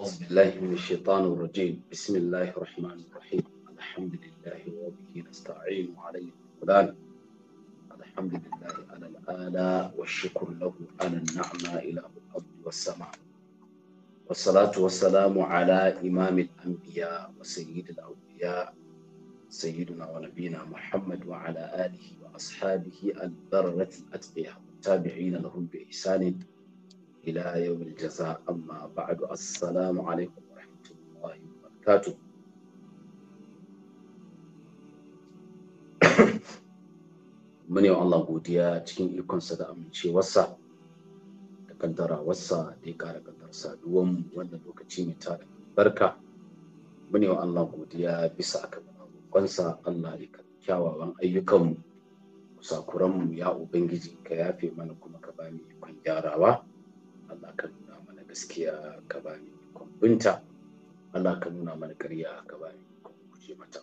أعوذ بالله من الشيطان الرجيم بسم الله الرحمن الرحيم الحمد لله وبه نستعين عليه القرآن الحمد لله على الآلاء والشكر له على النعمة إلى الأرض والسماء والصلاة والسلام على إمام الأنبياء وسيد الأولياء سيدنا ونبينا محمد وعلى آله وأصحابه البررة الأتقياء والتابعين لهم بإحسان إلى يوم الجزاء أما بعد السلام عليكم ورحمة الله وبركاته mun yi Allah godiya cikin ikonsa da amincewarsa da kaddarawarsa da ya ƙara kaddar saduwan wannan lokaci mai tada barka mun yi Allah godiya bisa aka roƙonsa Allah ya karɓi kyawawan ayyukanmu kusakuranmu ya ubangiji ka yafe mana kuma ka ba ikon gyarawa Allah ka nuna mana gaskiya ka ba mu ikon Allah ka nuna mana ƙarya ka ba mu ikon mata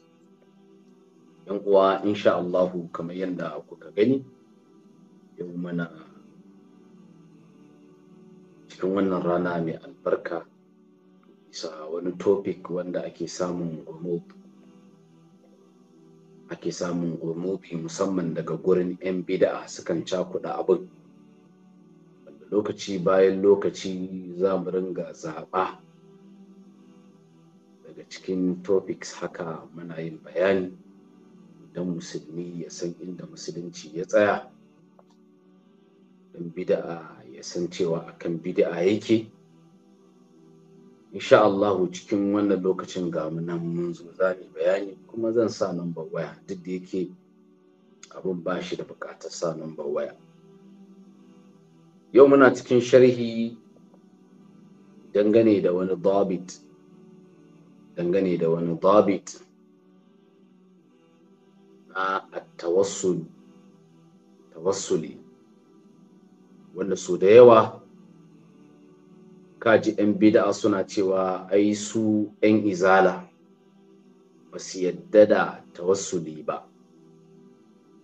yan uwa insha Allahu kamar yadda kuka gani yau mana cikin wannan rana mai albarka bisa wani topic wanda ake samun gomobi ake samun musamman daga gurin 'yan bida sukan cakuɗa abin lokaci bayan lokaci za mu ringa zaɓa daga cikin topics haka muna yin bayani don musulmi ya san inda musulunci ya tsaya don bida'a ya san cewa akan bida'a yake insha Allahu cikin wannan lokacin ga nan mun zo za mu bayani kuma zan sa number waya duk da yake abin ba shi da buƙatar sa number waya yau muna cikin sharhi dangane da wani dabit dangane da wani dabit na tawassuli wanda so da yawa kaji 'yan bida'a suna cewa ai su 'yan izala ba su yadda da tawassuli ba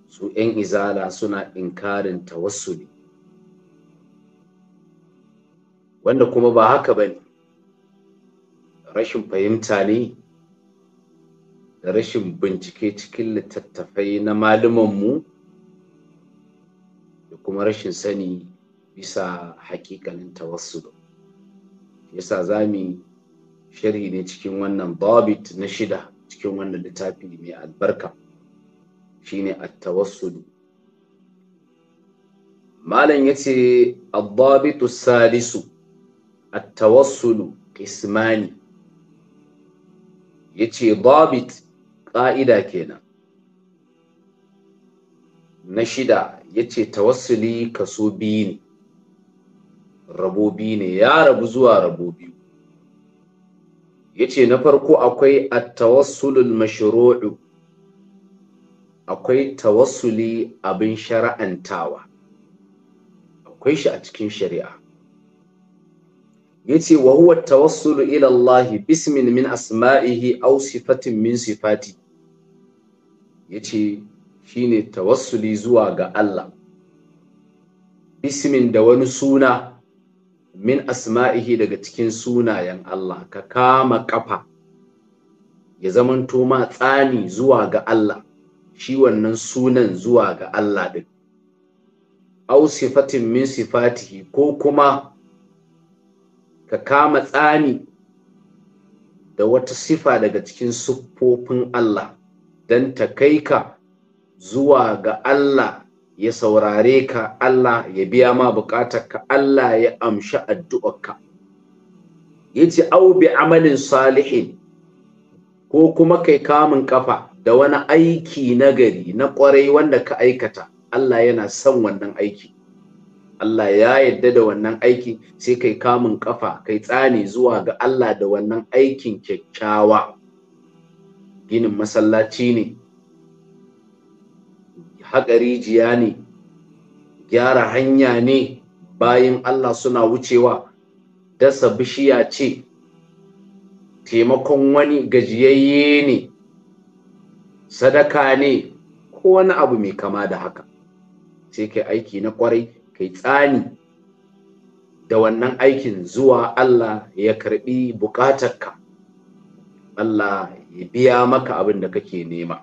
su 'yan izala suna inkarin tawassuli wanda kuma ba haka ba ne rashin fahimta ne da rashin bincike cikin littattafai na mu da kuma rashin sani bisa hakikanin tawassul yasa za mu sharhi ne cikin wannan babit na shida cikin wannan littafi mai albarka shine at-tawassul malam yace ad-dabitu salisu التوصل قسماني yace dabit ƙa'ida kenan na shida yace tawassuli kaso biyu ne rabobi ne ya rabu zuwa rabo biyu yace na farko akwai at-tawassulul mashru'u akwai tawassuli abin shara'antawa akwai shi a cikin shari'a yace wa huwa tawassul ila Allah bismin min asma'ihi aw sifatin min sifati yace shine tawassuli zuwa ga Allah bismin da wani suna min asma'ihi daga cikin sunayen Allah ka kama kafa ya zamanto ma tsani zuwa ga Allah shi wannan sunan zuwa ga Allah din aw sifatin min sifatihi ko kuma ka kama tsani da wata sifa daga cikin siffofin Allah don ta kai ka zuwa ga Allah ya saurare ka Allah ya biya ma ka Allah ya amshi addu'arka yace au bi amalin salihin ko kuma kai kamun kafa da wani aiki nagari na kwarai wanda ka aikata Allah yana son wannan aiki Allah ya yadda da wannan aiki, sai kai kamun kafa kai tsane zuwa ga Allah da wannan aikin kyakkyawa ginin masallaci ne haƙa rijiya ne gyara hanya ne bayan Allah suna wucewa dasa bishiya ce taimakon wani gajiyayye ne sadaka ne ko wani abu mai kama da haka sai kai aiki na kwarai kai tsani da wannan aikin zuwa Allah ya karbi bukatarka Allah ya biya maka abin da kake nema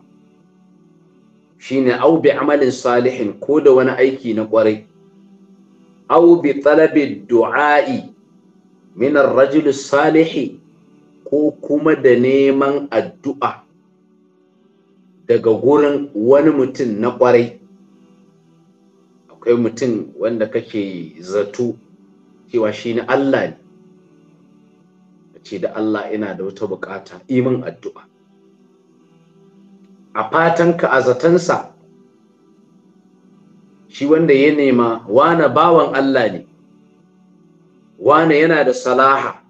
shine au bi amalin salihin ko da wani aiki na kwarai au bi talabi du'a'i min ar-rajul salihi ko kuma da neman addu'a daga gurin wani mutum na kwarai akwai mutum wanda kake zato cewa shi ne Allah ne ce da Allah ina da wata bukata iman addu'a a fatanka a zatansa shi wanda ya nema wane bawan Allah ne wane yana da salaha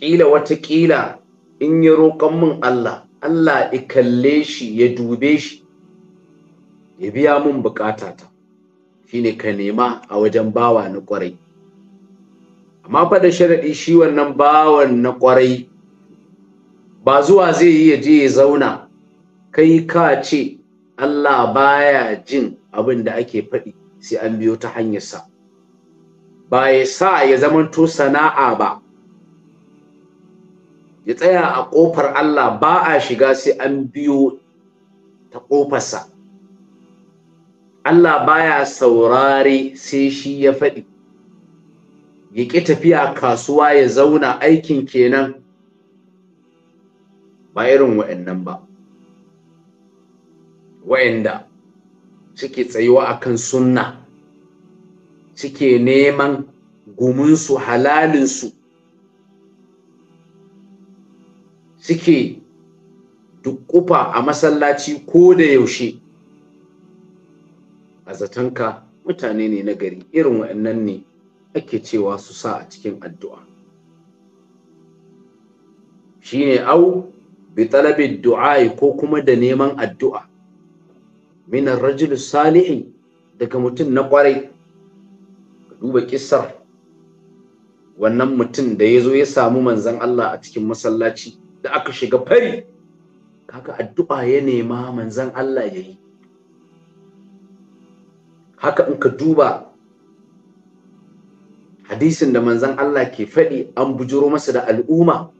ƙila wata ƙila in ya roƙon min Allah Allah i kalle shi ya dube shi ya biya mun bukatata shine ka nema a wajen bawa na kwarai amma faɗa sharaɗi shi wannan bawan na kwarai ba zuwa zai yi ya je ya zauna kai ka ce Allah baya jin abin da ake faɗi sai an biyo ta hanyarsa ba ya sa ya zamanto sana'a ba ya tsaya a ƙofar Allah ba a shiga sai an biyo ta ƙofarsa Allah baya saurare sai shi ya faɗi ya ƙi tafiya kasuwa ya zauna aikin kenan ba irin wa'annan ba wa'anda suke tsayuwa akan sunna suke neman guminsu halalinsu suke dukkufa a masallaci ko da yaushe a zatonka mutane ne na gari irin waɗannan ne ake cewa su sa a cikin addu'a Shi ne au bi talabin du'ai ko kuma da neman addu'a minan rajul salihin daga mutum na ƙwarai, ka duba ƙisar. wannan mutum da ya zo ya samu manzan Allah a cikin masallaci da aka shiga fari kaga addu'a ya nema manzan Allah ya yi haka in ka duba hadisin da manzon Allah ke faɗi an bujuro masa da al'umma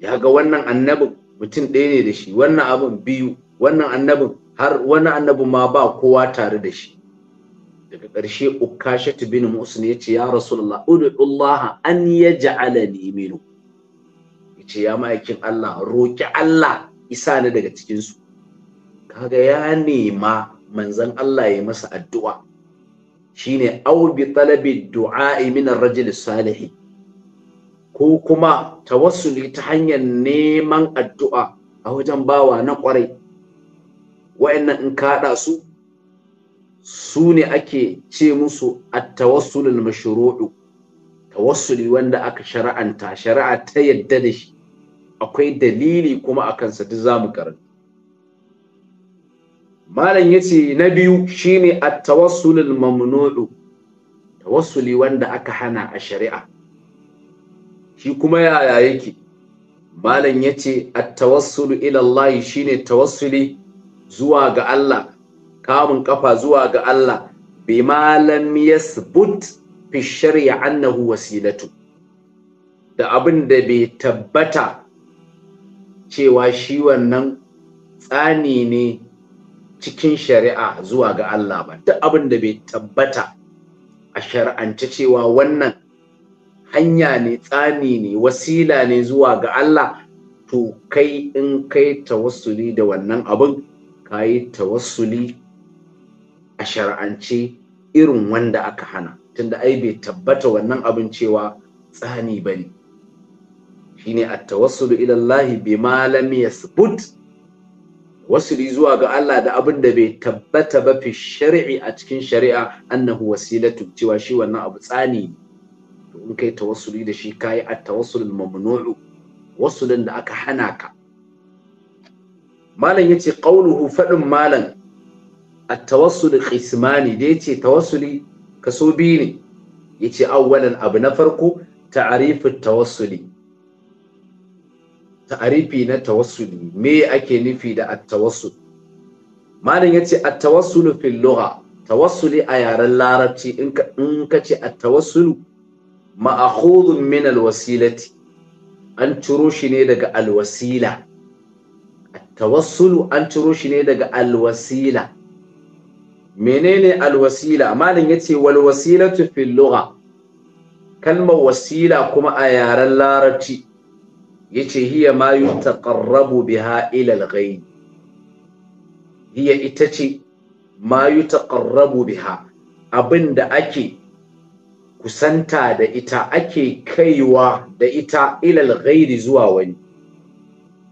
ya ga wannan annabin mutum ɗaya ne da shi wannan abin biyu wannan annabin har wani annabin ma ba kowa tare da shi daga ƙarshe ukashatu bin musul ya ce ya rasulullah ud'ullah an ya ja'ala minhu yace ya ma'aikin Allah roki Allah isa ni daga cikinsu kaga ya nema manzon Allah ya masa addu'a shine ne bi talabi du'a min rajul ko kuma tawassuli ta hanyar neman addu'a a wajen bawa na kwarai wa'annan in kaɗa su su ne ake ce musu a tawassulin Ta tawassuli wanda aka shari'anta shari'a ta yadda da shi akwai dalili kuma a sa duk zamu karanta malam yace na biyu shine at a mamnuu tawassuli wanda aka hana a shari'a shi kuma yaya yake malam yace at-tawassul ila Allah shine tawassuli zuwa ga Allah kamun kafa zuwa ga Allah bima malam yasbut fi shari'a annahu wasilatu da abin da bai tabbata cewa shi wannan tsani ne cikin shari'a zuwa ga Allah ba duk abin da bai tabbata a shari'ance cewa wannan hanya ne tsani ne wasila ne zuwa ga Allah to kai in kai tawassuli da wannan abin ka yi tawassuli a shari'ance irin wanda aka hana tunda ai bai tabbata wannan abin cewa tsani bane shine at-tawassulu ila Allah ma lam yasbut wasili zuwa ga Allah da abin da bai tabbata ba fi shari'i a cikin shari'a annahu wasilatu cewa shi wannan abu tsani to in kai tawassuli da shi kai at tawassul mamnu'u wasulin da aka hana ka malam yace qauluhu fadin malam at tawassul qismani da yace tawassuli kaso biyu ne yace awwalan abu na farko ta'rifu tawassuli ta'arifi na tawassuli me ake nufi da at-tawassul malam yace at-tawassulu fil lugha tawassuli a yaren larabci in ka in ka ce at-tawassulu ma'khudun min al-wasilati an ciro shi ne daga al-wasila at-tawassulu an ciro shi ne daga al-wasila menene al-wasila malam yace wal wasilatu fil lugha kalmar wasila kuma a yaren larabci yace hiya ma yutaqarrabu biha ila al-ghayb hiya ita ce ma yutaqarrabu biha abinda ake kusanta da ita ake kaiwa da ita ila al-ghayb zuwa wani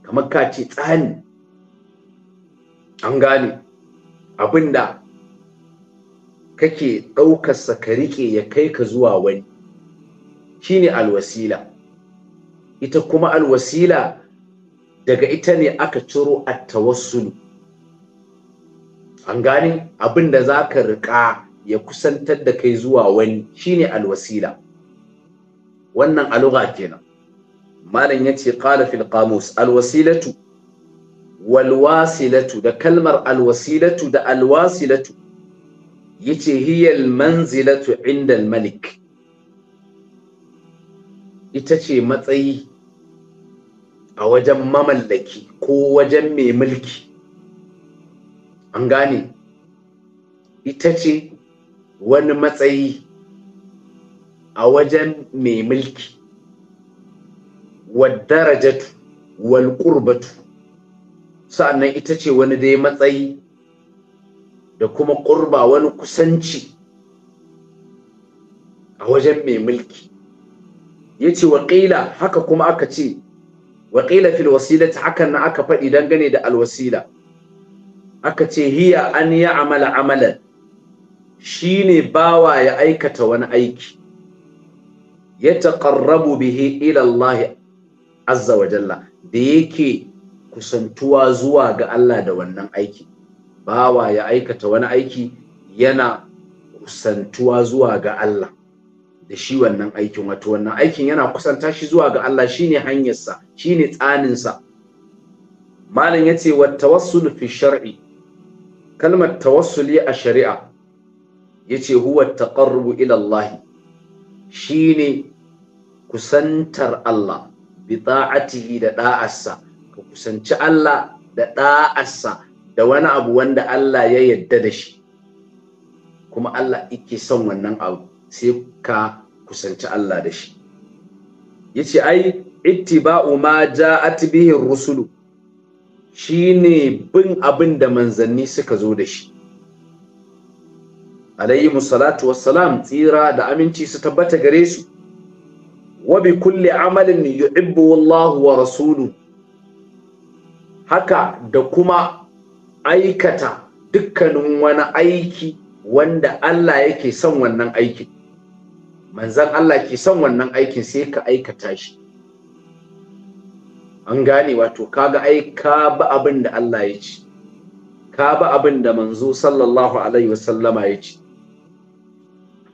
kamar ka ce tsani an gane abinda kake ɗaukarsa ka riƙe ya kai ka zuwa wani shine alwasila ita kuma alwasila daga ita ne aka ciro attawassulu an gane abin da za ka riƙa ya kusantar da kai zuwa wani shine alwasila wannan aluga kenan malam ya ce ƙala fil qamus alwasilatu walwasilatu da kalmar alwasilatu da alwasilatu yace hiyal manzilatu inda malik ita ce matsayi a wajen mamallaki ko wajen mai mulki an gane ita ce wani matsayi a wajen mai mulki wadarajatu wal qurbatu sa'annan ita ce wani dai matsayi da kuma ƙurba wani kusanci a wajen mai mulki ya ce waƙila haka kuma aka ce wa fil wasilati hakan na aka faɗi dangane da alwasila aka ce hiya an ya amala amalan shine bawa ya aikata wani aiki ya taqarrabu bihi ila Allah azza wa jalla da yake kusantuwa zuwa ga Allah da wannan aiki bawa ya aikata wani aiki yana kusantuwa zuwa ga Allah da shi wannan aikin wato wannan aikin yana kusanta shi zuwa ga Allah shine hanyarsa shine tsaninsa malam yace wa tawassul fi shar'i kalmar tawassuli a shari'a yace huwa taqarrubu ila Allah shine kusantar Allah bi ta'atihi da da'arsa ka kusanci Allah da da'arsa da wani abu wanda Allah ya yadda da shi kuma Allah yake son wannan abu sai ka kusanci Allah da shi Ya yace ai ittiba'u ma ja atibihin rusulu Shi ne bin abin da manzanni suka zo da shi alayhi wa wassalam tsira da aminci su tabbata gare su wa bi kulli amalin yuhibbu wallahu wa rasulu haka da kuma aikata dukkanin wani aiki wanda Allah yake son wannan aikin manzan Allah ke son wannan aikin sai ka aikata shi an gane wato kaga ai ka ba abin da Allah ya ci ka ba abin da manzo sallallahu alaihi wasallama ya ci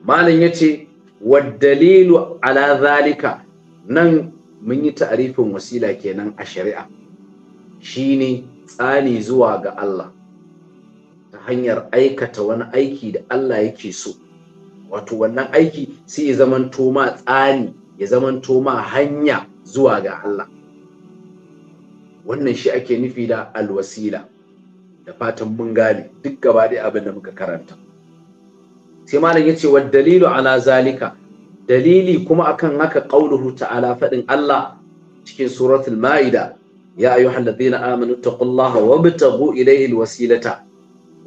malam yace waddalilu ala zalika nan mun yi ta'arifin wasila kenan a shari'a shine tsani zuwa ga Allah ta hanyar aikata wani aiki da Allah yake so wato wannan aiki sai ya zaman ma tsani ya zaman ma hanya zuwa ga Allah wannan shi ake nufi da alwasila da fatan mun gane duk gaba ɗaya abin da muka karanta sai malam yace wa dalilu ala zalika dalili kuma akan haka qauluhu ta'ala fadin Allah cikin suratul ma'ida ya ayyuhalladhina amanu taqullaha wabtaghu ilayhi alwasilata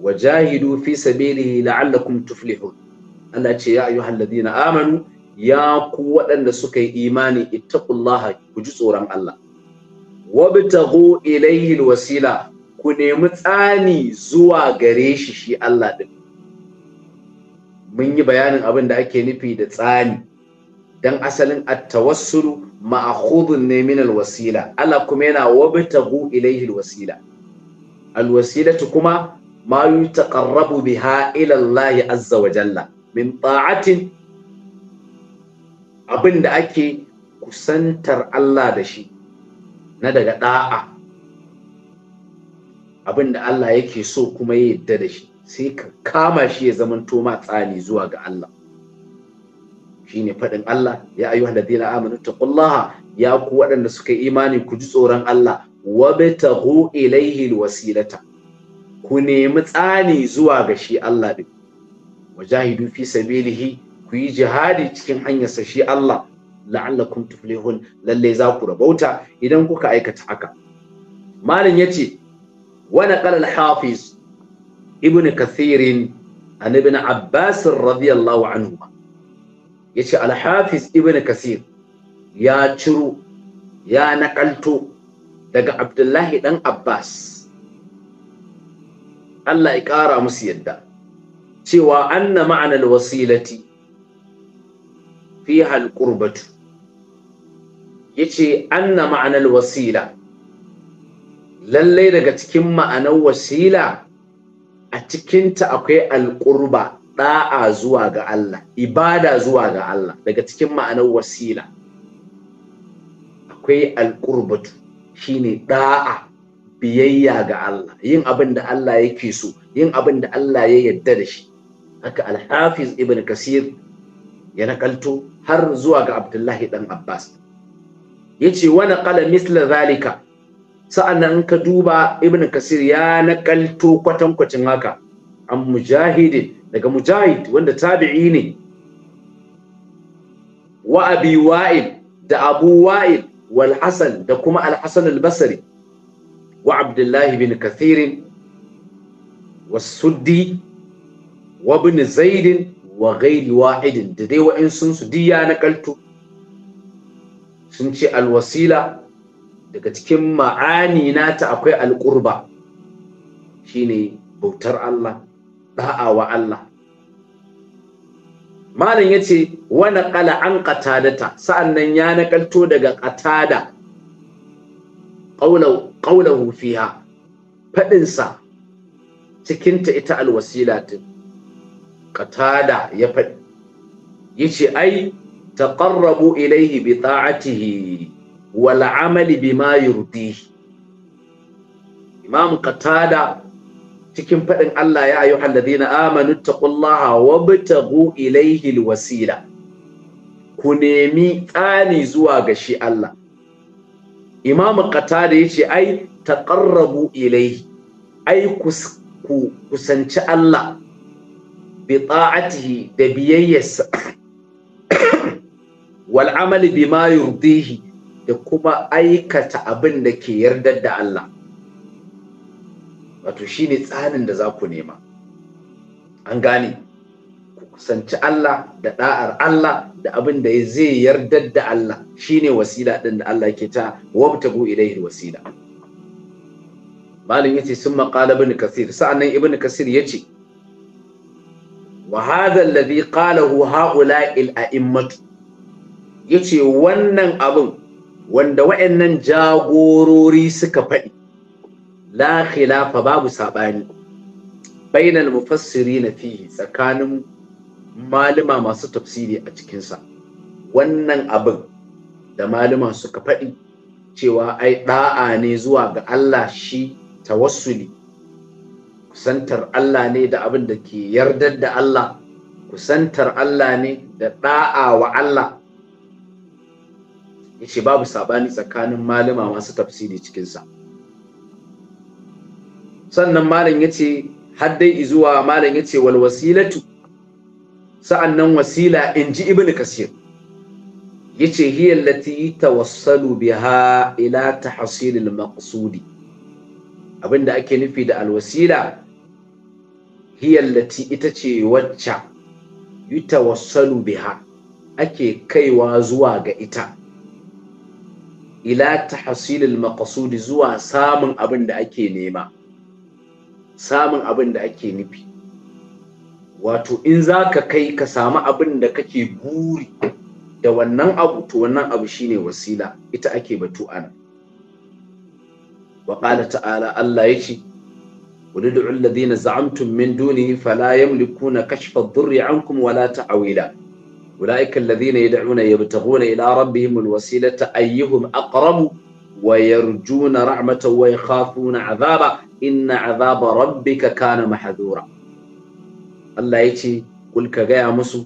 wajahidu fi sabilihi la'allakum tuflihun Allah ce ya ayyuhal ladina amanu ya ku waɗanda suka yi imani ittaqullaha ku ji tsoron Allah wabtaghu ilayhi alwasila ku nemi tsani zuwa gare shi shi Allah din mun yi bayanin abin da ake nufi da tsani dan asalin at-tawassulu ma'khudun ne min alwasila Allah kuma yana wabtaghu ilayhi alwasila alwasilatu kuma ma yutaqarrabu biha ila Allah azza wa jalla min ta'atin abin da ake kusantar Allah da shi na daga ɗa'a, abin da Allah yake so kuma ya yadda da shi sai ka kama shi ya zaman toma tsani zuwa ga Allah shine faɗin Allah ya ayyuhal ladina amanu taqullaha ya ku waɗanda suka yi imani ku ji tsoron Allah wabtaghu ilayhi alwasilata ku nemi tsani zuwa ga shi Allah din wajahidu fi sabilihi ku yi jihadi cikin hanyar sa shi Allah la'allakum tuflihun lalle za ku rabauta idan kuka aikata haka malam yace wa naqala al-hafiz ibnu kathir an ibn abbas radiyallahu anhu yace al-hafiz ibn kathir ya ciro ya nakalto daga abdullahi dan abbas Allah ya ƙara musu yadda cewa anna ma'anar wasilati fi halƙurbatu ya ce anna ma'anar wasila lallai daga cikin ma'anar wasila a cikinta akwai alƙurba ɗa'a zuwa ga Allah ibada zuwa ga Allah daga cikin ma'anar wasila akwai alƙurbatu shine ɗa'a biyayya ga Allah yin abin da Allah yake so yin abin da Allah ya yarda da shi haka alhafiz ibn kasir ya nakalto har zuwa ga abdullahi dan abbas ya ce wani kala misla zalika sa'annan ka duba ibn kasir ya nakalto kwatankwacin haka an mujahidi daga mujahid wanda tabi'i ne wa abi wa'il da abu wa'il wal hasan da kuma al hasan al basri wa abdullahi bin kathirin was suddi wa ibn zaid wa ghairi wa'idin da dai wa'insun su diya na kaltu sun ce alwasila daga cikin ma'ani nata akwai alqurba shine bautar Allah da'a Allah malam yace wa naqala an ta, sa'annan ya nakalto daga qatada qawlahu qawlahu Faɗinsa fadin sa cikinta ita alwasila din qatada ya faɗi yace ai taqarrabu ilayhi bi ta'atihi wal amali bima yurdihi imam qatada cikin faɗin Allah ya ayyuhal ladina amanu taqullaha wabtaghu ilayhi alwasila ku nemi tsani zuwa ga shi Allah imam qatada yace ai taqarrabu ilayhi ai ku kusanci Allah bi ta'atihi da biyayyarsa wal amali bima yurdihi da kuma aikata abin da ke yardar da Allah wato shine tsarin da za ku nema an gane ku kusanci Allah da da'ar Allah da abin da zai yardar da Allah shine wasila din da Allah ke ta wabtagu ilaihi wasila malin yace sun maqala ibn kasir sa'annan ibn kasir yace wa hadha alladhi qalahu haula'il a'immatu yace wannan abin wanda wa'annan jagorori suka faɗi la khilafa babu sabani bainal na fihi tsakanin malama masu tafsiri a cikinsa wannan abin da malama suka faɗi cewa ai da'a ne zuwa ga Allah shi tawassuli kusantar Allah ne da abin da ke yardar da Allah kusantar Allah ne da ɗa'a wa Allah ce babu saɓani tsakanin malama masu tafsiri cikinsa sannan malam yace har dai zuwa malam yace wal wasilatu sa'annan wasila inji ibnu kasir yace hiya allati tawassalu biha ila tahsil maqsudi abinda ake nufi da alwasila. hiyallati ita ce wacce yutawassalu biha ake kaiwa zuwa ga ita ila tahsilil maqsudi zuwa samun abin da ake nema samun abin da ake nufi wato in za ka kai ka samu abin da kake buri da wannan abu to wannan abu shine wasila ita ake batu ana wa ta'ala Allah ya ce قل ادعوا الذين زعمتم من دونه فلا يملكون كشف الضر عنكم ولا تعويلا أولئك الذين يدعون يبتغون إلى ربهم الوسيلة أيهم أقرب ويرجون رحمة ويخافون عذابا إن عذاب ربك كان محذورا الله يتي قل كغايا مسو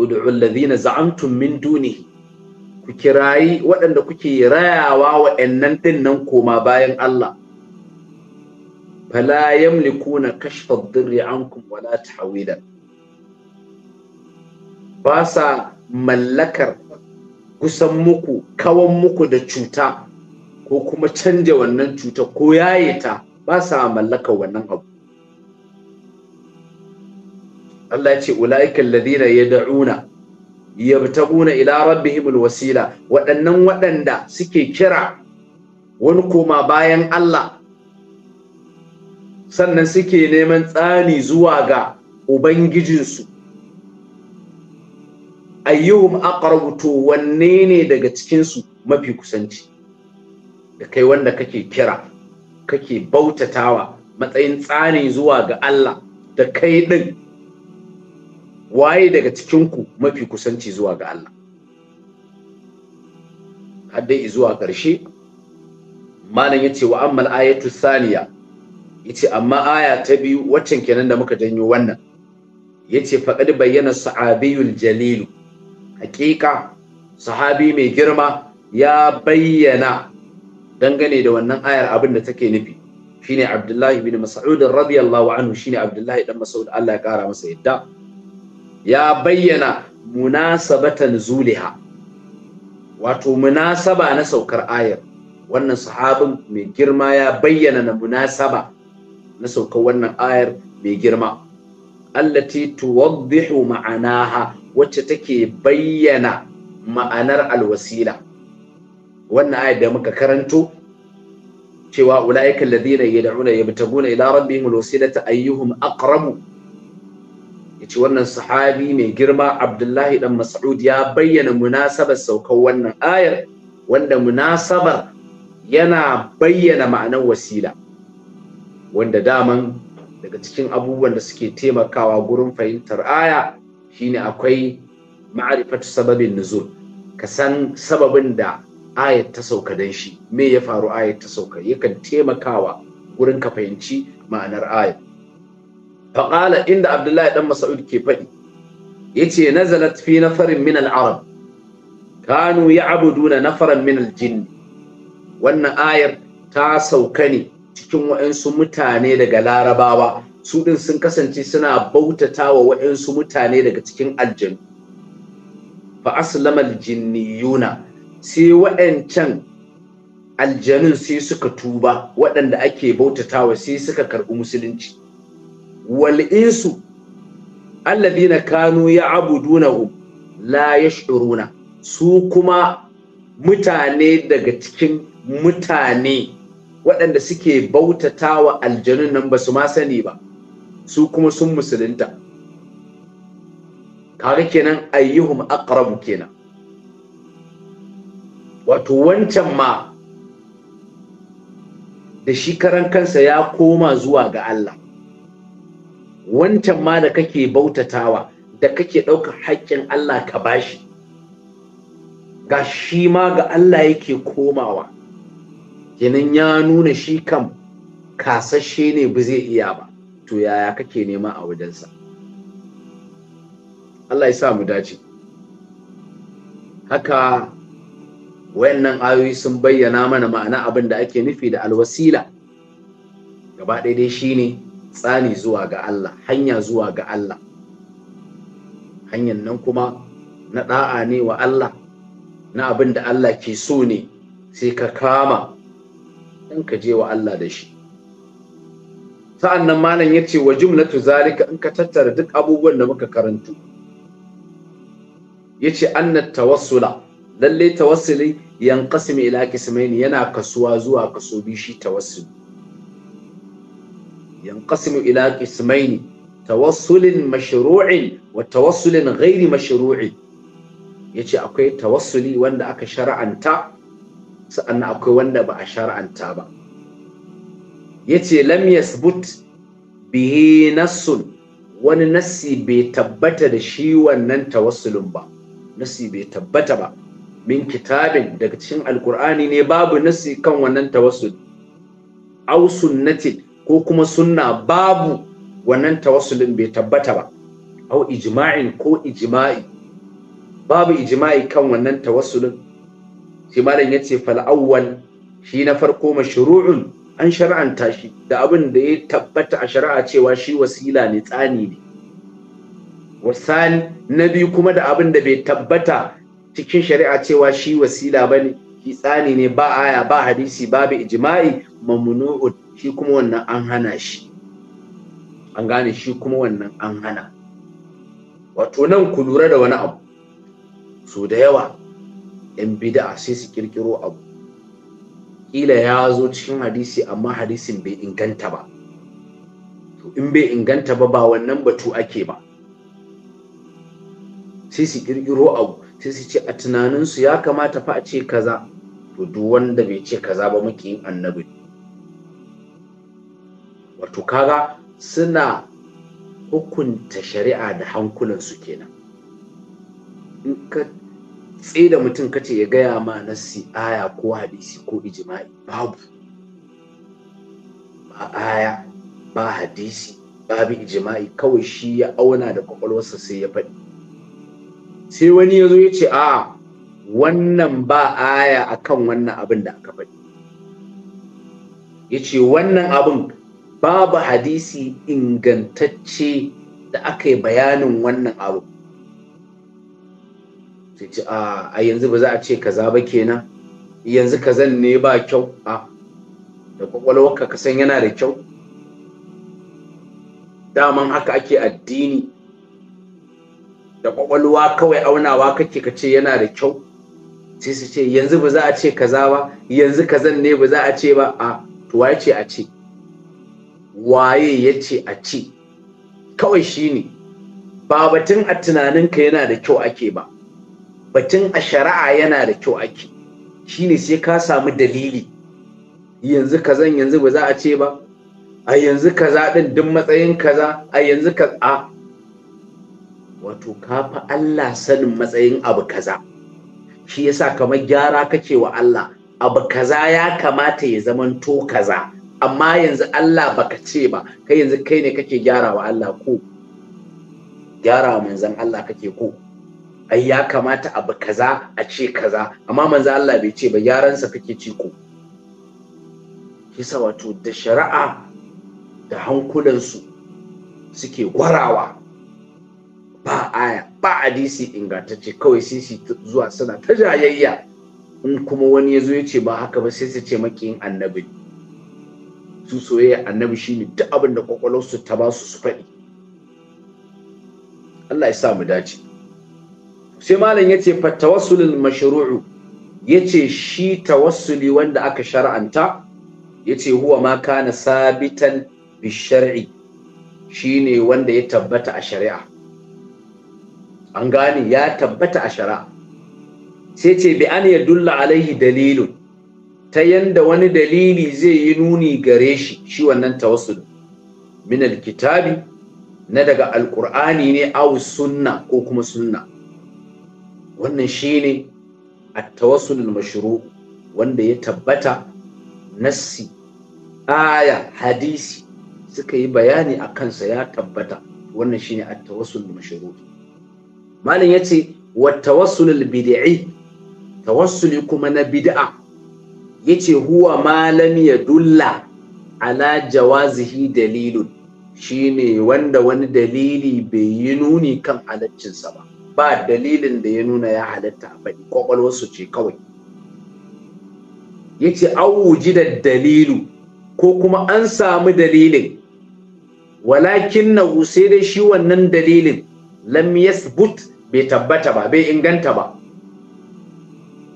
ادعوا الذين زعمتم من دونه كراي وأن كي رايا واو أن ننتن ننكو ما باين الله Bala yamlikuna kashfa ad-dirri ankum wala tahwila ba sa mallakar kusan muku kawan muku da cuta ko kuma canja wannan cuta ko yaye ta ba sa mallakar wannan abu Allah ya ce ulaika alladhina yad'una yabtaguna ila rabbihim alwasila waɗannan waɗanda suke kira wani koma bayan Allah sannan suke neman tsani zuwa ga ubangijinsu ayyuhum aqrabu to wanne ne daga cikinsu mafi kusanci da kai wanda kake kira kake bautatawa matsayin tsani zuwa ga Allah da kai ɗin waye daga cikinku mafi kusanci zuwa ga Allah Haddai zuwa ƙarshe malam ya ce wa ammal ayatu saniya yace amma aya ta biyu waccan kenan da muka janyo wannan yace faqad bayyana sahabiyul jalil hakika sahabi mai girma ya bayyana dangane da wannan ayar abin da take nufi shine Abdullahi bin Mas'ud radiyallahu anhu shine Abdullahi dan Mas'ud Allah ya kara masa yadda ya bayyana munasabatan zuliha wato munasaba na saukar ayar wannan sahabin mai girma ya bayyana na munasaba na saukar wannan ayar mai girma allati tuwaddihu ma'anaha wacce take bayyana ma'anar alwasila wannan ayar da muka karanto cewa ulaika alladhina yad'una yabtaguna ila rabbihim alwasilata ayyuhum aqrabu yace wannan sahabi mai girma Abdullahi dan Mas'ud ya bayyana munasabar saukar wannan ayar wanda munasabar yana bayyana ma'anar wasila wanda daman daga cikin abubuwan da suke taimakawa gurin fahimtar aya shine akwai ma'arifatu sababin nuzul ka san sababin da ayar ta sauka dan shi me ya faru ayar ta sauka yakan taimakawa gurin ka fahimci ma'anar ayar. faqala inda abdullahi dan mas'ud ke faɗi yace nazalat fi nafarin min al-arab kanu ya'buduna nafaran min al-jinn wannan ayar ta sauka ne cikin waɗansu mutane daga larabawa su ɗin sun kasance suna bautata wa waɗansu mutane daga cikin aljanu fa aslama aljinniyuna sai waɗancan aljanun sai suka tuba waɗanda ake bautata wa sai suka karɓi musulunci wal insu alladina kanu ya'budunahu la yash'uruna su kuma mutane daga cikin mutane waɗanda suke bautatawa aljanun nan ba su ma sani ba su kuma sun musulunta kaga kenan ayyuhum aqrabu kenan wato wancan ma da shi karan kansa ya koma zuwa ga Allah wancan ma da kake bautatawa da kake ɗaukar haƙƙin Allah ka bashi ga shi ma ga Allah yake komawa kenan ya nuna shi kam kasashe ne ba zai iya ba to yaya kake nema a wajensa Allah ya sa mu dace haka wayannan ayoyi sun bayyana mana ma'ana abin da ake nufi da alwasila gaba ɗaya dai shine tsani zuwa ga Allah hanya zuwa ga Allah hanyar nan kuma na ɗa'a ne wa Allah na abin da Allah ke so ne sai ka kama in ka je wa Allah da shi sa'an nan malam ya ce wa jumlatu zalika in ka tattara duk abubuwan da muka karantu ya ce annat tawassula tawasuli, tawassuli yanqasimu ila qismaini yana kasuwa zuwa kaso biyu shi tawassuli yanqasimu ila qismaini tawassulin mashru'in wa tawassulin ghairi mashru'in yace akwai tawassuli wanda aka shar'anta sa'annan akwai wanda ba a shar'anta ba yace lam yasbut bihi nassun wani nassi bai tabbata da shi wannan tawassulin ba nassi bai tabbata ba min kitabin daga cikin alkur'ani ne babu nassi kan wannan tawassul aw sunnati ko kuma sunna babu wannan tawassulin bai tabbata ba aw ijma'in ko ijma'i babu ijma'i kan wannan tawassulin shi malam ya ce fal'awwal shi na farko mashru'un an shar'anta shi da abin da ya tabbata a shari'a cewa shi wasila ne tsani ne wasani na biyu kuma da abin da bai tabbata cikin shari'a cewa shi wasila ba ne, shi tsani ne ba aya ba hadisi babu ijma'i mamnu'u shi kuma wannan an hana shi an gane shi kuma wannan an hana wato nan ku lura da wani abu so da yawa 'yan bida'a sai su kirkiro abu kila ya zo cikin hadisi amma hadisin bai inganta ba to in bai inganta ba ba wannan batu ake ba sai su kirkiro abu sai su ce a tunaninsu ya kamata fa a ce kaza to duk wanda bai ce kaza ba muke yin annabi wato kaga suna hukunta shari'a da hankulansu kenan in ka tsaye da mutum ka ce ya gaya ma na aya ko hadisi ko ijima'i babu ba aya ba hadisi babu ijima'i kawai shi ya auna da kwakwalwarsa sai ya faɗi sai wani ya zo ya ce a wannan ba aya akan wannan abin da aka faɗi ya ce wannan abin babu hadisi ingantacce da aka yi bayanin wannan abu sai ce a a yanzu ba za a ce kaza ba kenan yanzu kazan ne ba kyau a da kwakwalwarka ka san yana da kyau daman haka ake addini da kwakwalwa kawai aunawa kake ka ce yana da kyau sai su ce yanzu ba za a ce kaza ba yanzu kazan ne ba za a ce ba a to waye ce a ce waye ya ce a ce kawai shine ba batun a tunaninka yana da kyau ake ba batun a shari'a yana da kyau ake shine sai ka samu dalili yanzu kazan yanzu ba za a ce ba a yanzu kaza din duk matsayin kaza a yanzu ka a wato ka fi Allah sanin matsayin abu kaza shi yasa kamar gyara kake wa Allah abu kaza ya kamata ya zaman to kaza amma yanzu Allah baka ce ba kai yanzu kai ne kake gyara wa Allah ko gyara wa manzon Allah kake ko ai ya kamata abu kaza a ce kaza amma manzo Allah bai ce ba yaransa kake ko kisa wato da shari'a da hankulansu suke gwarawa ba aya ba hadisi ingantacce kawai sai su zuwa suna ta jayayya in kuma wani ya zo ya ce ba haka ba sai su ce makiyin annabi su soyayya annabi shine duk abin da kwakwalwarsu ta ba su su faɗi Allah ya sa mu dace sai malam yace fa tawassulul mashru'u ce shi tawassuli wanda aka shara'anta ya ce huwa ma kana sabitan bishari'i shi shine wanda ya tabbata a shari'a an gane ya tabbata a shari'a sai ce bi an dulla alaihi dalilun ta yanda wani dalili zai yi nuni gare shi shi wannan tawassul min alkitabi na daga alkur'ani ne au sunna ko kuma sunna wannan shi ne a tawassul mashuru, wanda ya tabbata nassi aya hadisi suka yi bayani a kansa ya tabbata wannan shi a at mashuru malin malam ce, wa tawassul bid'i tawassuli kuma na bid'a ce, huwa malami ya dulla ala jawazihi dalilun shine wanda wani dalili bai yi nuni kan alaccinsa ba ba dalilin da ya nuna ya halatta ba faɗi kwakwalwarsu ce kawai ya ce an wuji da dalilu ko kuma an samu dalilin walakin na sai dai shi wannan dalilin lam yasbut bai tabbata ba bai inganta ba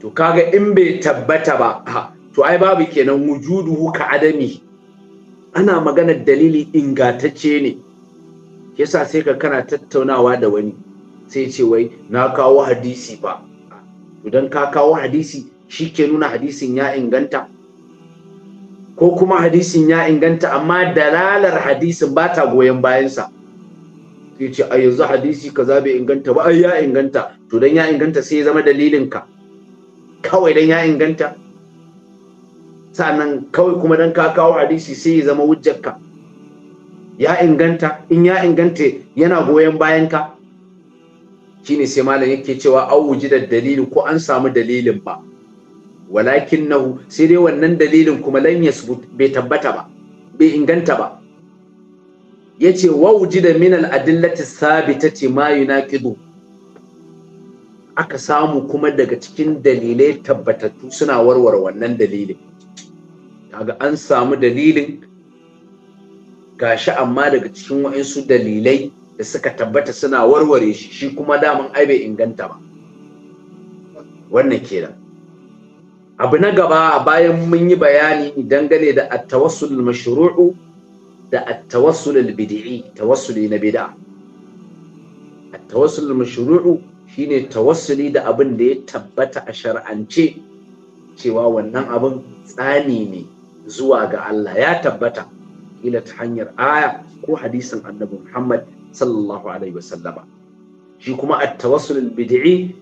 to kaga in bai tabbata ba to ai babu kenan wujudu ka adami ana magana dalili ingatacce ne yasa sai ka kana tattaunawa da wani sai ce wai na kawo hadisi ba idan ka kawo hadisi shi ke nuna hadisin ya inganta ko kuma hadisin ya inganta amma dalalar hadisin ba ta goyon bayansa sai ce a yanzu hadisi kaza bai inganta ba ai ya inganta to dan ya inganta sai ya zama dalilinka kawai dan ya inganta sannan kawai kuma dan ka kawo hadisi sai ya zama hujjarka ya inganta in ya inganta yana goyon bayanka shine sai malam yake cewa wuji da dalili ko an samu dalilin ba walakin nahu sai dai wannan dalilin kuma lam yasbut bai tabbata ba bai inganta ba yace wa da min al adillati ce ma yunaqidu aka samu kuma daga cikin dalilai tabbatattu suna warware wannan dalilin kaga an samu dalilin gashi amma daga cikin waɗansu dalilai da suka tabbata suna warware shi shi kuma daman ai bai inganta ba wannan kenan abu na gaba bayan mun yi bayani gane da at mashru'u da at-tawassul bid'i tawassuli na bid'a at-tawassul mashru'u shine tawassuli da abin da ya tabbata a shar'ance cewa wannan abin tsani ne zuwa ga Allah ya tabbata ila ta hanyar aya ko hadisin annabi Muhammad sallallahu alaihi wasallama shi kuma a tawassul bid'i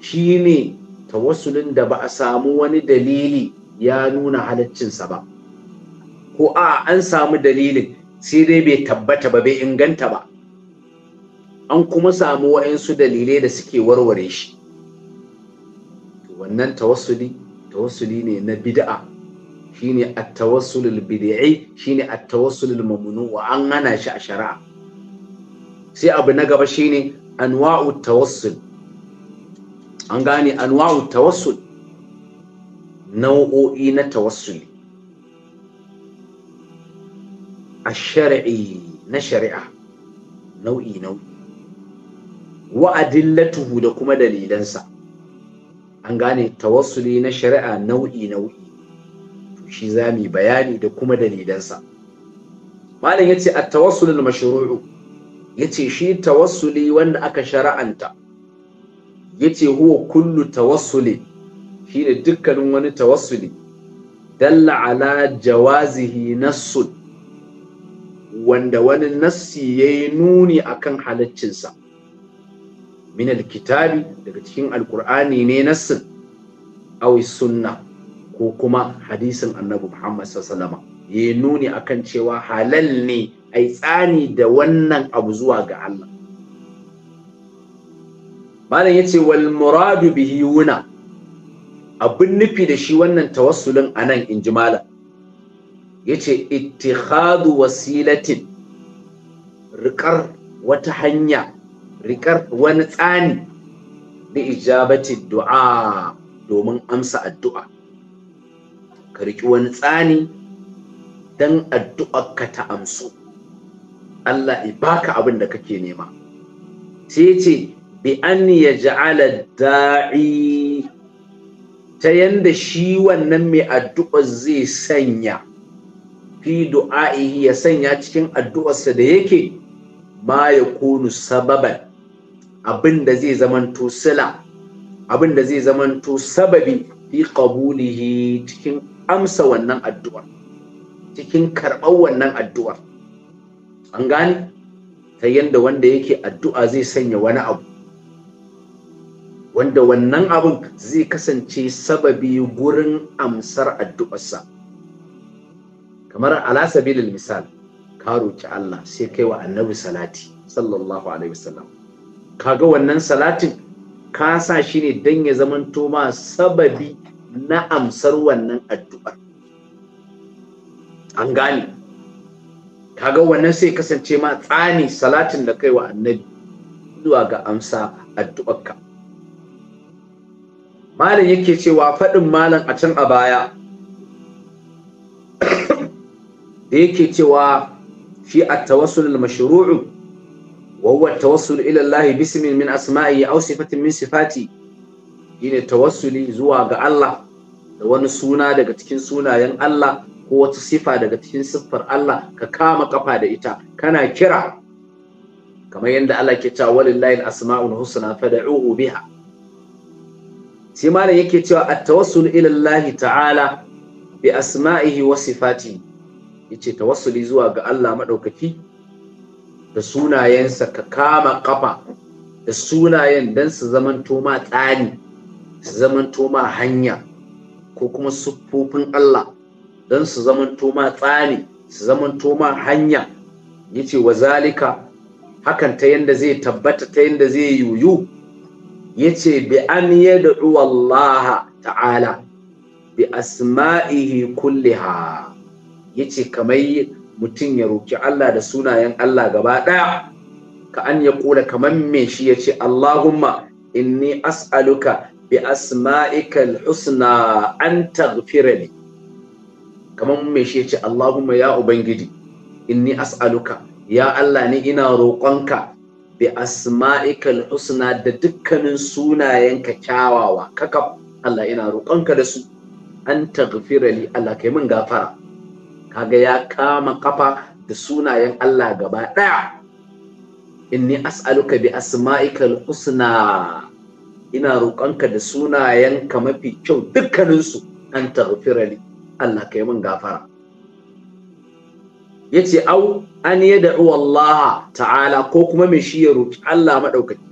shine tawassulin da ba a samu wani dalili ya nuna halaccinsa ba ko a an samu dalilin sai dai bai tabbata ba bai inganta ba an kuma samu wa'insu dalilai da suke warware shi wannan tawassuli tawassuli ne na bid'a shine at-tawassulul bid'i shine at-tawassulul mamnu wa an hana shi a shari'a sai abu na gaba shine anwa'u tawassul an gane anwa'u tawassul nau'o'i na tawassuli A shari'i na shari'a nau'i nau'i wa adillatuhu da kuma dalilansa an gane tawassuli na shari'a nau'i nau'i shi za mu bayani da kuma dalilansa malam yace at-tawassul al-mashru'u yace shi tawassuli wanda aka shara'anta yace huwa kullu tawassuli shine dukkanin wani tawassuli dalla ala jawazihi nassun wanda wani nassi yayi nuni akan halaccinsa Minal kitabi daga cikin Alkur'ani ne nassin aw sunna ko kuma hadisin annabi Muhammad sallallahu alaihi wasallam yayi nuni akan cewa halal ne a tsani da wannan abu zuwa ga Allah malam ya ce wal muradu bihi wuna abin nufi da shi wannan tawassulin a nan in ji malam ya ce ittikhadu wasilatin Rikar wata hanya rikar wani tsani da ijabati du'a domin amsa addu'a ka riƙi wani tsani don ka ta amsu Allah ya baka abin da kake nema sai ce bi an ya ja'ala da'i ta yanda shi wannan mai addu'a zai sanya fi du'a'i ya sanya cikin addu'arsa da yake ma ya kunu sababan abin da zai zamanto sila abin da zai zamanto sababi fi qabulihi cikin amsa wannan addu'ar cikin karɓar wannan addu'ar an gane ta yadda wanda yake addu'a zai sanya wani abu wanda wannan abin zai kasance sababi gurin amsar addu'arsa kamar alasabilil misal ka roƙi Allah sai kai wa annabi salati sallallahu alaihi wasallam kaga wannan salatin ka sa shi ne don ya zamanto ma sababi na amsar wannan addu'ar an gane kaga wannan sai kasance ma tsani salatin da kai wa annabi zuwa ga amsa addu'arka malam yake cewa faɗin malam a can a baya da yake cewa fi at-tawassul al-mashru'u wa huwa at-tawassul ila Allah bismin min asma'i aw sifatin min sifati yine tawassuli zuwa ga Allah da wani suna daga cikin sunayen Allah ko wata sifa daga cikin siffar Allah ka kama kafa da ita kana kira kamar yadda Allah ke cewa walillahi al-asma'ul husna fad'uhu biha sai malam yake cewa at-tawassul ila Allah ta'ala bi asma'ihi wa sifatihi yace tawassuli zuwa ga Allah madaukaki da sunayensa ka kama kafa da sunayen dan su zamanto ma tsani su zamanto ma hanya ko kuma siffofin Allah don su zaman ma tsani su zamanto ma hanya yace wa zalika hakan ta yanda zai tabbata ta yanda zai yuyu yace bi an yad'u Allah ta'ala bi asma'ihi kulliha yace kamar mutum ya roki Allah da sunayen Allah gaba daya ka an ya kula kamar me shi yace Allahumma inni as'aluka bi asma'ikal husna an taghfirani kamar mai shi ce Allahumma ya ubangiji inni as'aluka ya Allah ni ina roƙonka bi asma'ikal husna da dukkanin sunayenka kyawawa kakab Allah ina roƙonka da su an taghfira li Allah kai min gafara kaga ya kama kafa da sunayen Allah gaba daya inni as'aluka bi asma'ikal husna ina roƙonka da sunayenka mafi kyau su an taghfira li Allah kai min gafara yace au an yad'u Allah ta'ala ko kuma me shi ya roki Allah madaukaki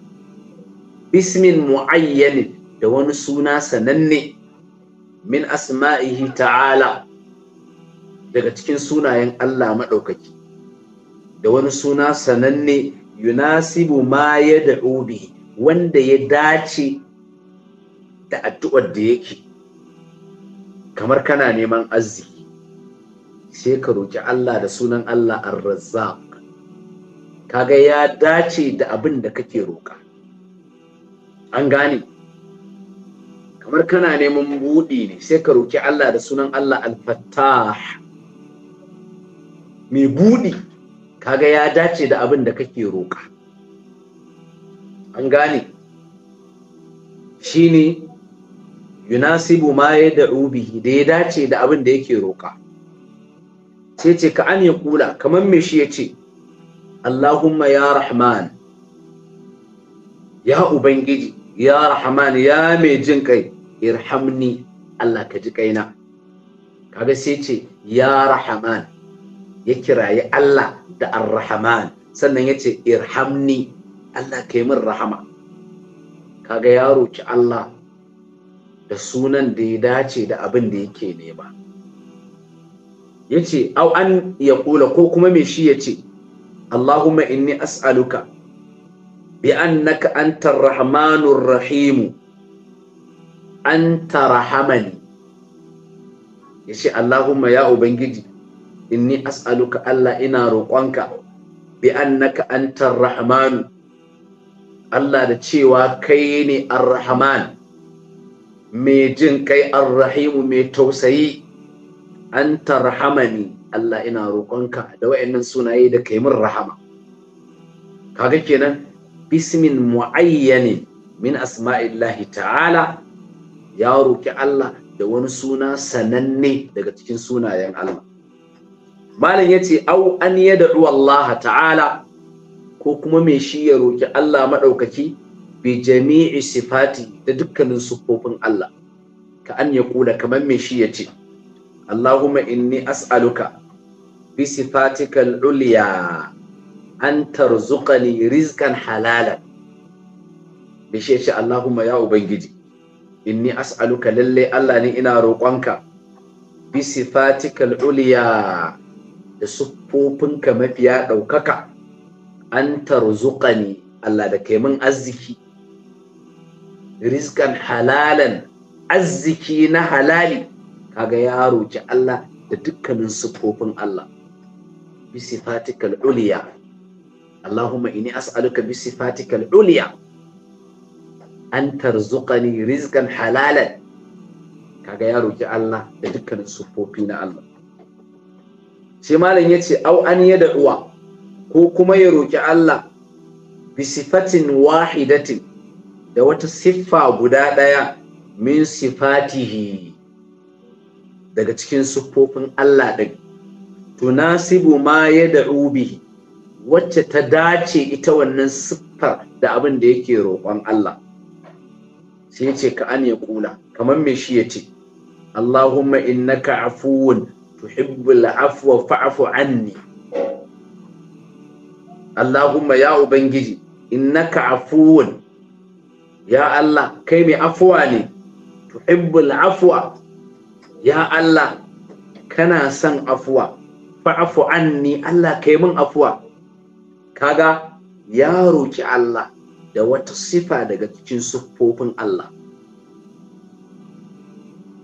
bismin muayyan da wani suna sananne min asma'ihi ta'ala daga cikin sunayen Allah madaukaki da wani suna sananne yunasibu ma yad'u bihi wanda ya dace da addu'ar da yake kamar kana neman arziki sai ka roki Allah da sunan Allah ar-razzaq kaga ya dace da abin da kake roka an gane kamar kana neman buɗi ne sai ka roki Allah da sunan Allah al-fattah mai buɗi kaga ya dace da abin da kake roka an gane shine yunasibu ma ya da'u bihi da ya dace da abin da yake roƙa sai ce ka an ya kula kamar me shi ya ce Allahumma ya Rahman ya Ubangiji ya Rahman ya mai jin kai irhamni Allah ka ji kaina kaga sai ce ya Rahman ya kirayi Allah da Ar-Rahman sannan ya ce irhamni Allah ka yi min rahama kaga ya roki Allah da sunan da ya dace da abin da yake nema yace au an ya kula ko kuma me shi yace Allahumma inni as'aluka bi annaka antar rahmanur rahim anta rahamani yace Allahumma ya ubangiji inni as'aluka Allah ina roƙonka bi annaka antar rahman Allah da cewa kai ne ar-rahman mai jin kai an rahimu mai tausayi an tarhamani Allah ina roƙonka da wa'annan sunaye da kai min rahama kaga kenan bismin mu'ayyani min asma'illahi ta'ala ya roƙi Allah da wani suna sananne daga cikin sunayen Allah malam yace au an yad'u Allah ta'ala ko kuma mai shi ya roƙi Allah madaukaki bi jami'i sifati da dukkanin sufofin Allah ka an ya kula kamar me shi ya ce Allahumma inni as'aluka bi sifatikal uliya an tarzuqani rizqan halalan bi shi ce Allahumma ya Ubangiji inni as'aluka lalle Allah ne ina roƙonka bi sifatikal uliya da siffofinka mafiya ɗaukaka an tarzuqani Allah da kai min arziki rizkan halalan arziki na halali kaga ya roki Allah da dukkanin sifofin Allah bi sifatikal uliya Allahumma inni as'aluka bi sifatikal uliya an tarzuqani rizqan halalan kaga ya roki Allah da dukkanin sufofi na Allah sai malam yace au an yad'uwa ko kuma ya roki Allah bi sifatin wahidatin da wata siffa guda ɗaya min sifatihi daga cikin siffofin Allah ɗin tunasibu ma ya da bihi wacce ta dace ita wannan siffar da abin da yake roƙon Allah sai ce ka an ya kula kamar me shi ya ce Allahumma innaka afuwun tuhibbul afwa fa'fu anni Allahumma ya ubangiji innaka afuwun ya Allah kai mai afuwa ne tuhibbul afuwa. ya Allah kana son afuwa fa'afu anni Allah kai min afuwa kaga ya roki Allah da wata sifa daga cikin siffofin Allah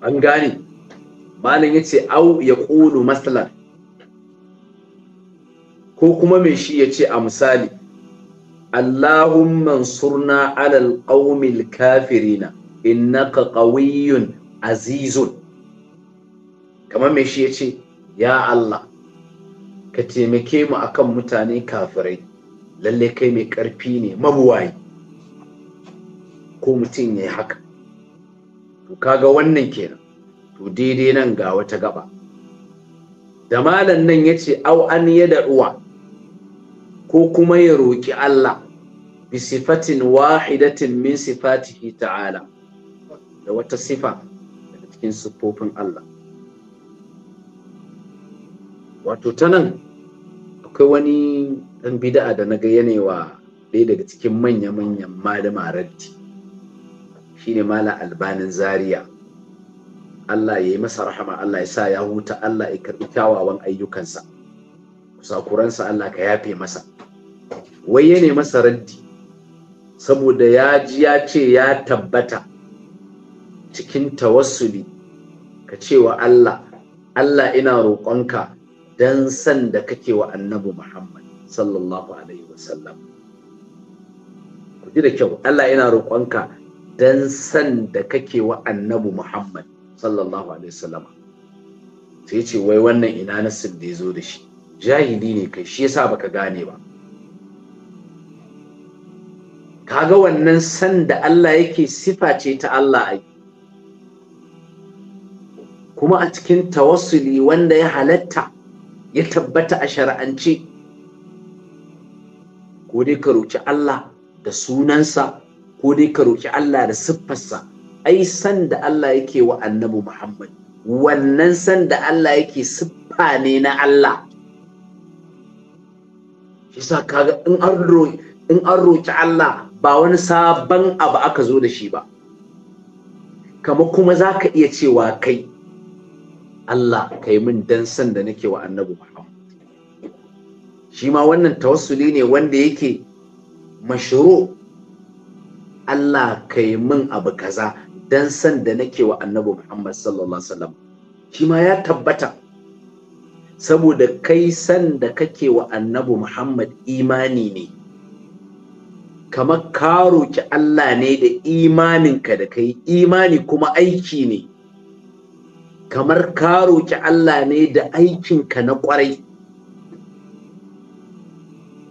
an gane malam yace au ya kulu masalan ko kuma mai shi yace a misali Allahumman surna alal ƙaumil kafirina innaka ƙawiyun azizun kamar me shi ya ce, ya Allah ka taimake mu akan mutane kafirai lalle kai mai ƙarfi ne mabuwayi ko mutum ya yi haka to kaga wannan kenan to daidai nan ga wata gaba da malam nan ce au an yada uwa ko kuma ya roƙi Allah bisifatin wahidatin min sifatihi ta'ala da wata sifa daga cikin siffofin Allah wato ta akwai wani ɗan bida'a da na ga yanewa ɗaya daga cikin manya-manyan malama raddi shine mala albanin zaria Allah ya yi masa rahama Allah ya sa ya huta Allah ya karɓi kyawawan ayyukansa kusakuransa Allah ka yafe masa wai ya masa raddi saboda ya ji ya ce ya tabbata cikin tawassuli ka ce wa Allah Allah ina roƙonka don san da kake wa annabi Muhammad sallallahu alaihi wasallam ku ji da kyau Allah ina roƙonka don san da kake wa annabi Muhammad sallallahu alaihi wasallam sai ce wai wannan ina nasin da ya zo da shi jahili ne kai shi yasa baka gane ba kaga wannan san da Allah yake sifa ce ta Allah a kuma a cikin tawassuli wanda ya halatta ya tabbata a shara'ance. ko dai ka roki Allah da sunansa ko dai ka roki Allah da siffarsa ai san da Allah yake wa annabi Muhammad wannan san da Allah yake siffa ne na Allah shi sa kaga in an roki in an roki Allah ba wani sabon abu aka zo da shi ba kama kuma za ka iya cewa kai Allah ka yi min dan san da nake wa annabi Muhammad shi ma wannan tawassuli ne wanda yake mashru Allah ka yi min abu kaza dan san da nake wa annabi Muhammad sallallahu alaihi wasallam shi ma ya tabbata saboda kai san da kake wa annabi Muhammad imani ne kamar ka roki Allah ne da imaninka da kai imani kuma aiki ne kamar ka roki Allah ne da aikinka na kwarai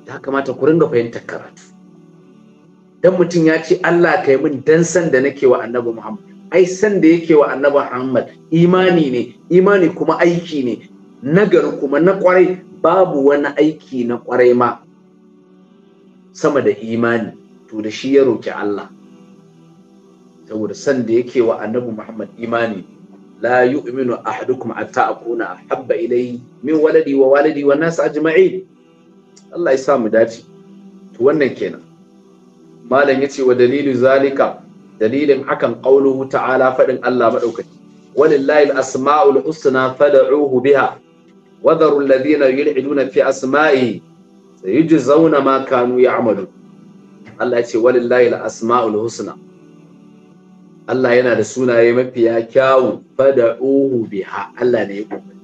ta kamata ku ringa fahimtar karatu dan mutum ya ce Allah kai min dan san da nake wa annabi Muhammad ai san da yake wa annabi Muhammad imani ne imani kuma aiki ne nagari kuma na kwarai babu wani aiki na kwarai ma sama da imani to da shi ya roki Allah saboda san da yake wa annabi Muhammad imani la yu'minu ahadukum hatta akuna ahabba ilayhi min waladi wa walidi wa nas ajma'in Allah ya sa mu dace to wannan kenan malam yace wa dalilu zalika dalilin hakan qauluhu ta'ala fadin Allah madaukaki walillahi al-asma'ul husna fad'uhu biha wadharu alladhina yulhiduna fi asma'ihi zauna ma kanu ya'malu Allah ya ce walillahi al-asma'ul husna Allah yana da sunaye mafiya kyawu fada'uhu biha Allah ne ya kokari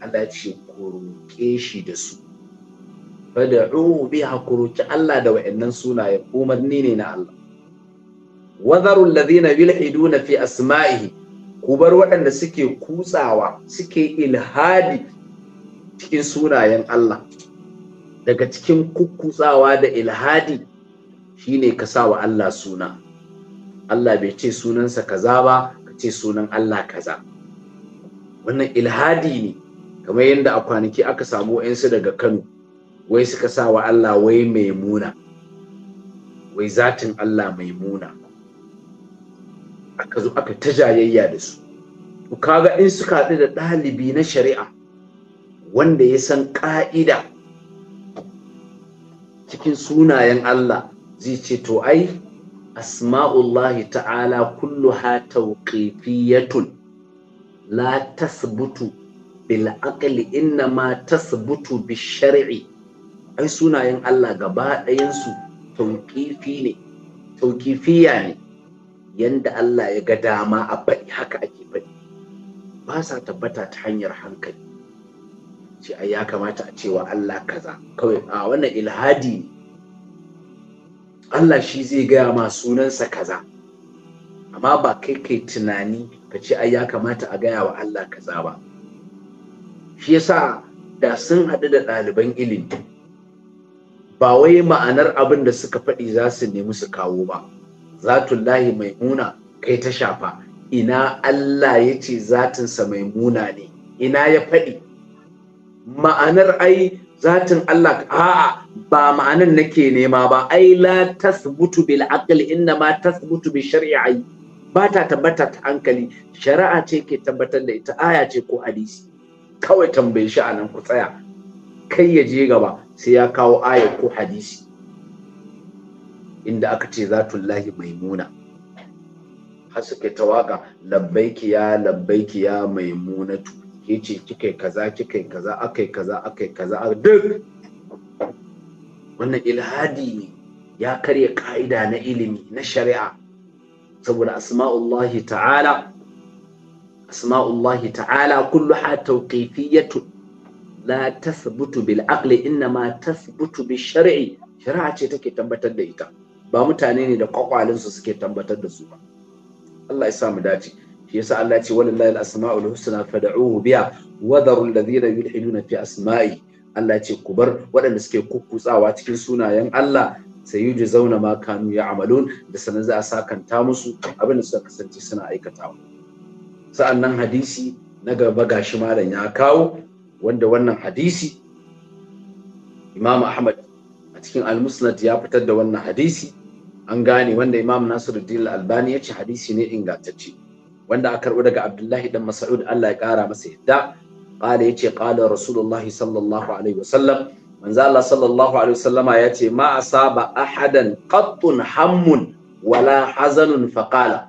Allah ya ce ku roƙe shi da su fada'uhu biha ku roƙi Allah da wa'annan sunaye umarni ne na Allah wadharul ladhina yulhiduna fi asma'ihi ku bar waɗanda suke kutsawa suke ilhadi cikin sunayen Allah daga cikin kukkutsawa da ilhadi shine ka sa wa Allah suna Allah bai ce sunansa kaza ba ka ce sunan Allah kaza wannan ilhadi ne kamar yadda a kwanaki aka samu yansu daga Kano wai suka sa wa Allah wai maimuna wai zatin Allah maimuna aka zo aka ta jayayya da su kaga in suka haɗu da ɗalibi na shari'a wanda ya san ƙa'ida cikin sunayen Allah zai ce to ai asma'ullahi ta'ala kullu ha tawqifiyatun la tasbutu bil aqli inna ma tasbutu bi shar'i ai sunayen Allah gaba ɗayansu tawqifi ne tawqifiya ne yanda Allah ya ga dama a faɗi haka ake faɗi ba sa tabbata ta hanyar hankali ce ai ya kamata a cewa Allah kaza kawai a wannan ilhadi Allah shi zai gaya ma sunansa kaza amma ba kai kai tunani ka ce ai ya kamata a gaya wa Allah kaza ba shi yasa da sun haɗu da ɗaliban ilimi ba wai ma'anar abin da suka faɗi za su nemi su kawo ba zatullahi maimuna kai ta shafa ina Allah ya ce zatinsa muna ne ina ya faɗi ma'anar ai zatin Allah a'a ba ma'anar nake nema ba ai la tasbutu bil aql inna ma tasbutu bi shar'i ba ta tabbata ta hankali shari'a ce ke tabbatar da ita aya ce ko hadisi kawai tambaye shi anan ku tsaya kai ya je gaba sai ya kawo aya ko hadisi inda aka ce zatullahi maimuna har suke tawaka labbaiki ya labbaiki ya maimunatu ke ce kika kaza kika kaza akai kaza akai kaza duk wannan ilhadi ne ya karya ka'ida na ilimi na shari'a saboda asma'ullahi ta'ala asma'ullahi ta'ala kulluha tawqifiyatu la tathbutu bil aqli inna ma tathbutu bi shar'i shari'a ce take tabbatar da ita ba mutane ne da kwakwalinsu suke tabbatar da su ba Allah ya sa mu dace shi yasa Allah ce walillahi al-asma'ul husna fad'uhu biha wa dharul ladhina yulhiduna fi asma'i Allah ce ku bar waɗanda suke kukkutsawa cikin sunayen Allah sai yuji zauna ma kanu ya amalun da sanan za a sakanta musu abin da suka kasance suna aikatawa sa'annan hadisi na gaba gashi malam ya kawo wanda wannan hadisi Imam Ahmad a cikin Al-Musnad ya fitar da wannan hadisi an gane wanda Imam Nasiruddin Al-Albani ya ce hadisi ne ingantacce wanda aka karɓi daga Abdullahi dan Mas'ud Allah ya ƙara masa yadda qala yace qala rasulullahi sallallahu alaihi wasallam manzo Allah sallallahu alaihi wasallama yace ma asaba ahadan qattun hammun wala hazanun faqala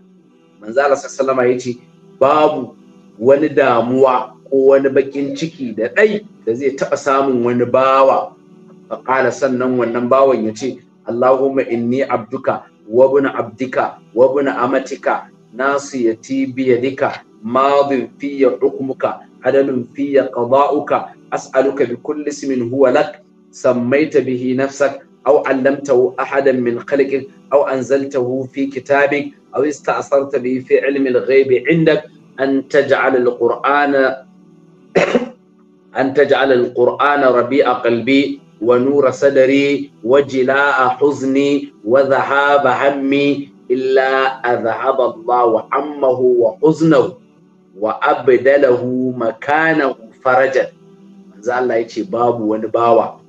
manzo Allah sallallahu alaihi yace babu wani damuwa ko wani bakin ciki da ɗai da zai taɓa samun wani bawa faƙala sannan wannan bawan yace ce Allahumma inni abduka wa abdika wa amatika ناصيتي بيدك ماض في حكمك عدل في قضاؤك أسألك بكل اسم هو لك سميت به نفسك أو علمته أحدا من خلقك أو أنزلته في كتابك أو استأثرت به في علم الغيب عندك أن تجعل القرآن أن تجعل القرآن ربيع قلبي ونور صدري وجلاء حزني وذهاب همي illa azhaba Allah ammahu wa huznahu wa abdalahu makanahu farajan manzo Allah yace babu wani bawa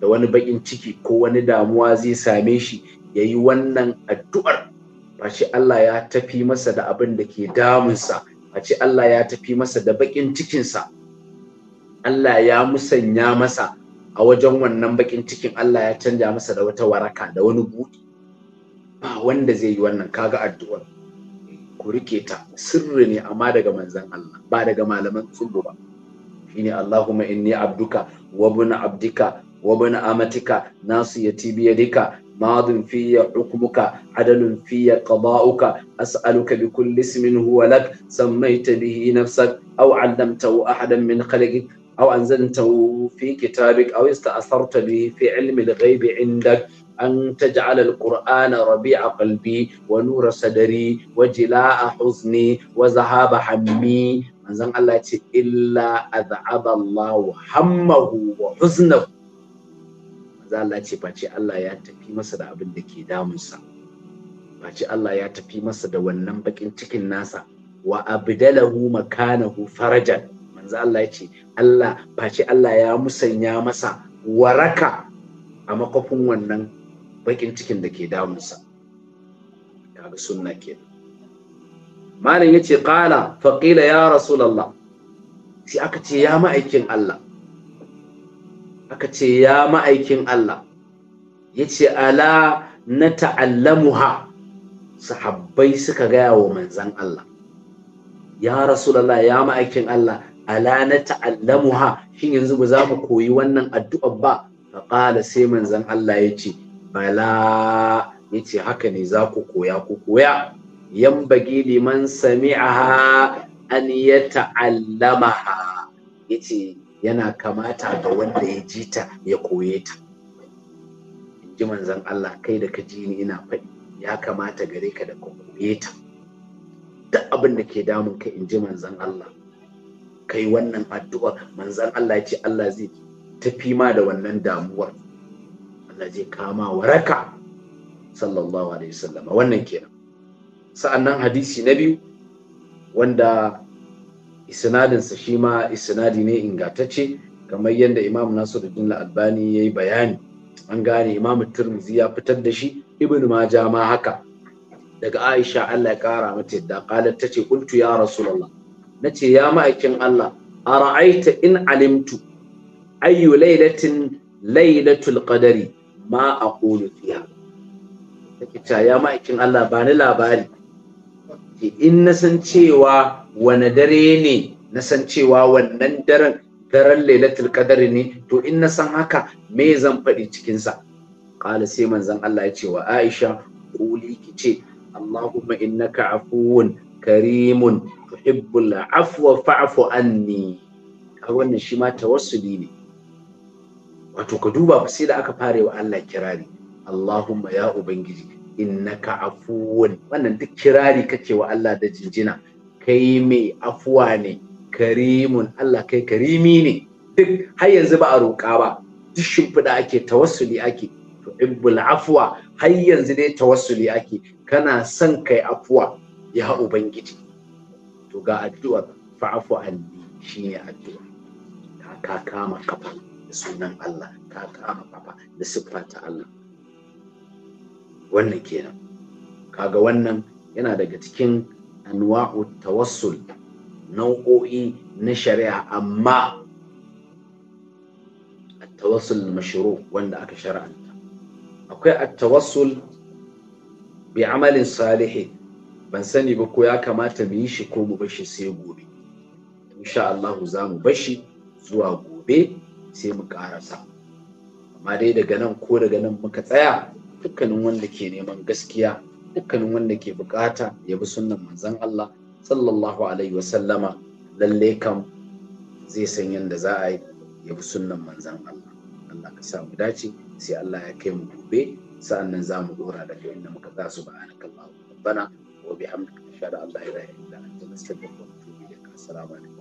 da wani baƙin ciki ko wani damuwa zai same shi yayi wannan addu'ar face Allah ya tafi masa da abin da ke damunsa face Allah ya tafi masa da baƙin cikinsa Allah ya musanya masa a wajen wannan baƙin cikin Allah ya canja masa da wata waraka da wani buɗi ba wanda zai yi wannan kaga addu'a ku rike ta sirri ne amma daga manzan Allah ba daga malaman tsubu ba shine Allahumma inni abduka wa bun abdika wa amatika nasu yati bi dika madun fiyya hukmuka adalun fiya qada'uka as'aluka bi kulli ismin huwa lak samaita bihi nafsak aw 'allamtahu ahadan min khalqik aw anzaltahu fi kitabik aw ista'sarta bihi fi 'ilmi al-ghaybi 'indak أن تجعل القرآن ربيع قلبي ونور صدري وجلاء حزني وذهاب hammi manzon Allah ya ce illa azaba Allah hammahu wa huznahu manzon Allah ya ce face Allah ya tafi masa da abin da ke damunsa face Allah ya tafi masa da wannan bakin cikin nasa wa abdalahu makanahu farajan manzon Allah ya ce Allah face Allah ya musanya masa waraka a makofin wannan bakin cikin da ke damunsa kaga sunna ke malam yace qala fa qila ya rasulullah sai aka ce ya ma'aikin Allah aka ce ya ma'aikin Allah yace ala na ta'allamuha sahabbai suka gaya wa manzan Allah ya rasulullah ya ma'aikin Allah ala na ta'allamuha shin yanzu ba za mu koyi wannan addu'a ba qala sai manzan Allah yace bala yace haka ne za ku koya ku koya 'Yan bagi liman sami'aha an yata'allamaha yace yana kamata ga wanda ya ji ta ya koye ta ji manzon Allah kai da ka ji ni ina faɗi ya kamata gare ka da ka koye ta duk abin da ke damun ka inji ji manzon Allah kai wannan addu'a manzon Allah ya ce Allah zai tafi ma da wannan damuwar Allah zai kama waraka sallallahu alaihi sallama. wannan kenan sa'annan hadisi na biyu wanda isnadinsa shi ma isnadi ne ingantacce kamar yadda imam nasiruddin al-albani ya yi bayani an gane imam turmizi ya fitar da shi ibn maja ma haka daga aisha allah ya kara mata yadda ta tace kuntu ya Na nace ya ma'aikin allah A ra'aita in alimtu ayyu laylatin laylatul qadari ma a kolo fiya take cewa ya ma'aikin Allah ba ni labari in na san cewa wane dare ne na san cewa wannan daren daren lailatul qadari ne to in na san haka me zan faɗi sa qala sai manzon Allah ya ce wa Aisha kuli ki ce Allahumma innaka afuwun karimun tuhibbul afwa fa'fu anni wannan shi ma tawassuli ne wato ka duba sai da aka fare wa Allah kirari Allahumma ya ubangiji innaka afuwun wannan duk kirari kake wa Allah da jinjina kai mai afuwa ne karimun Allah kai karimi ne duk har yanzu ba a roƙa ba duk shimfiɗa ake tawassuli ake ibul afwa har yanzu dai tawassuli ake kana son kai afuwa ya ubangiji to ga addu'ar fa'afu anni shine addu'a ka kama kafa da sunan Allah kama da siffa ta Allah wannan kenan kaga wannan yana daga cikin anwa'u tawassul nau'o'i na shari'a amma التوصل المشروع wanda aka shar'anta akwai at-tawassul bi amalin salih ban sani ba ko ya kamata mu yi shi ko mu bashi sai gobe insha Allah za mu bashi zuwa gobe sai mu karasa amma dai daga nan ko daga nan muka tsaya dukkanin wanda ke neman gaskiya dukkanin wanda ke bukata ya bi sunan manzon Allah sallallahu alaihi wasallama lalle kam zai san yadda za a yi ya bi sunan manzon Allah Allah ka sa mu dace sai Allah ya kai mu gobe sa'annan za mu dora daga inda muka za su ba'anaka Allah rabbana wa bihamdika ashhadu an la ilaha illa anta astaghfiruka wa atubu ilaik assalamu alaikum